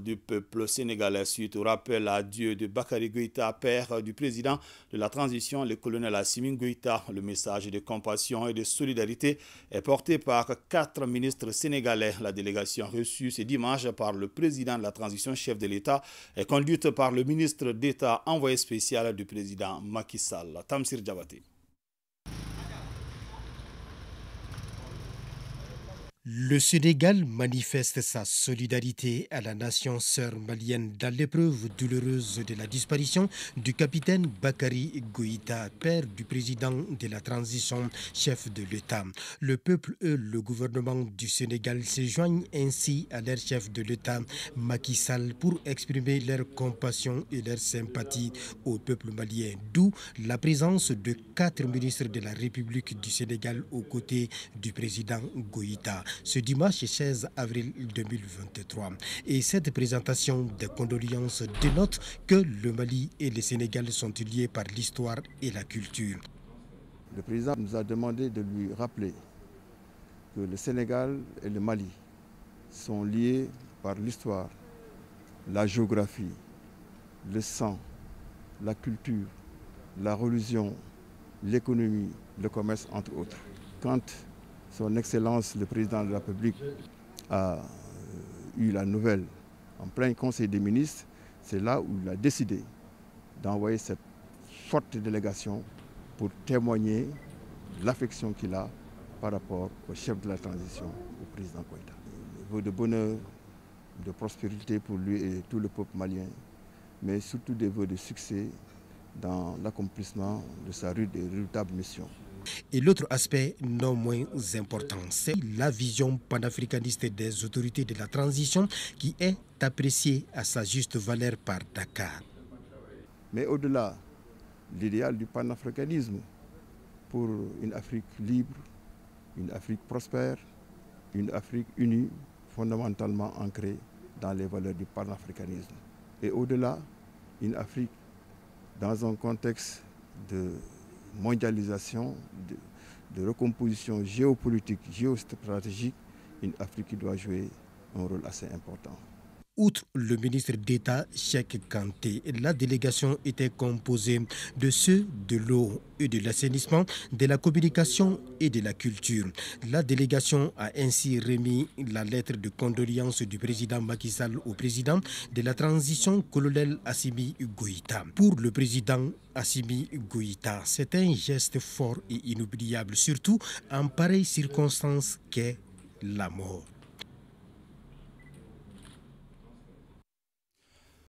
du peuple sénégalais suite au rappel à Dieu de Bakary Goïta, père du président de la transition, le colonel Assimi Goïta. Le message de compassion et de solidarité est porté par quatre ministres sénégalais. La délégation reçue ce dimanche par le président de la transition, chef de l'État, est conduite par le ministre d'État envoyé spécial du président Macky Sall, Tamsir Le Sénégal manifeste sa solidarité à la nation sœur malienne dans l'épreuve douloureuse de la disparition du capitaine Bakary Goïta, père du président de la transition, chef de l'État. Le peuple et le gouvernement du Sénégal se joignent ainsi à leur chef de l'État, Macky Sall, pour exprimer leur compassion et leur sympathie au peuple malien, d'où la présence de quatre ministres de la République du Sénégal aux côtés du président Goïta ce dimanche 16 avril 2023. Et cette présentation de condoléances dénote que le Mali et le Sénégal sont liés par l'histoire et la culture. Le président nous a demandé de lui rappeler que le Sénégal et le Mali sont liés par l'histoire, la géographie, le sang, la culture, la religion, l'économie, le commerce, entre autres. Quand son Excellence le Président de la République a euh, eu la nouvelle en plein Conseil des ministres. C'est là où il a décidé d'envoyer cette forte délégation pour témoigner l'affection qu'il a par rapport au chef de la transition, au président Koïta. Vœux de bonheur, de prospérité pour lui et tout le peuple malien, mais surtout des vœux de succès dans l'accomplissement de sa rude et redoutable mission. Et l'autre aspect non moins important, c'est la vision panafricaniste des autorités de la transition qui est appréciée à sa juste valeur par Dakar. Mais au-delà, l'idéal du panafricanisme pour une Afrique libre, une Afrique prospère, une Afrique unie, fondamentalement ancrée dans les valeurs du panafricanisme. Et au-delà, une Afrique dans un contexte de mondialisation, de, recomposition géopolitique, géostratégique, une Afrique qui doit jouer un rôle assez important. Outre le ministre d'État Cheikh Kanté, la délégation était composée de ceux de l'eau et de l'assainissement, de la communication et de la culture. La délégation a ainsi remis la lettre de condoléance du président Macky Sall au président de la transition colonel Assimi Goïta. Pour le président Assimi Goïta, c'est un geste fort et inoubliable, surtout en pareille circonstance qu'est la mort.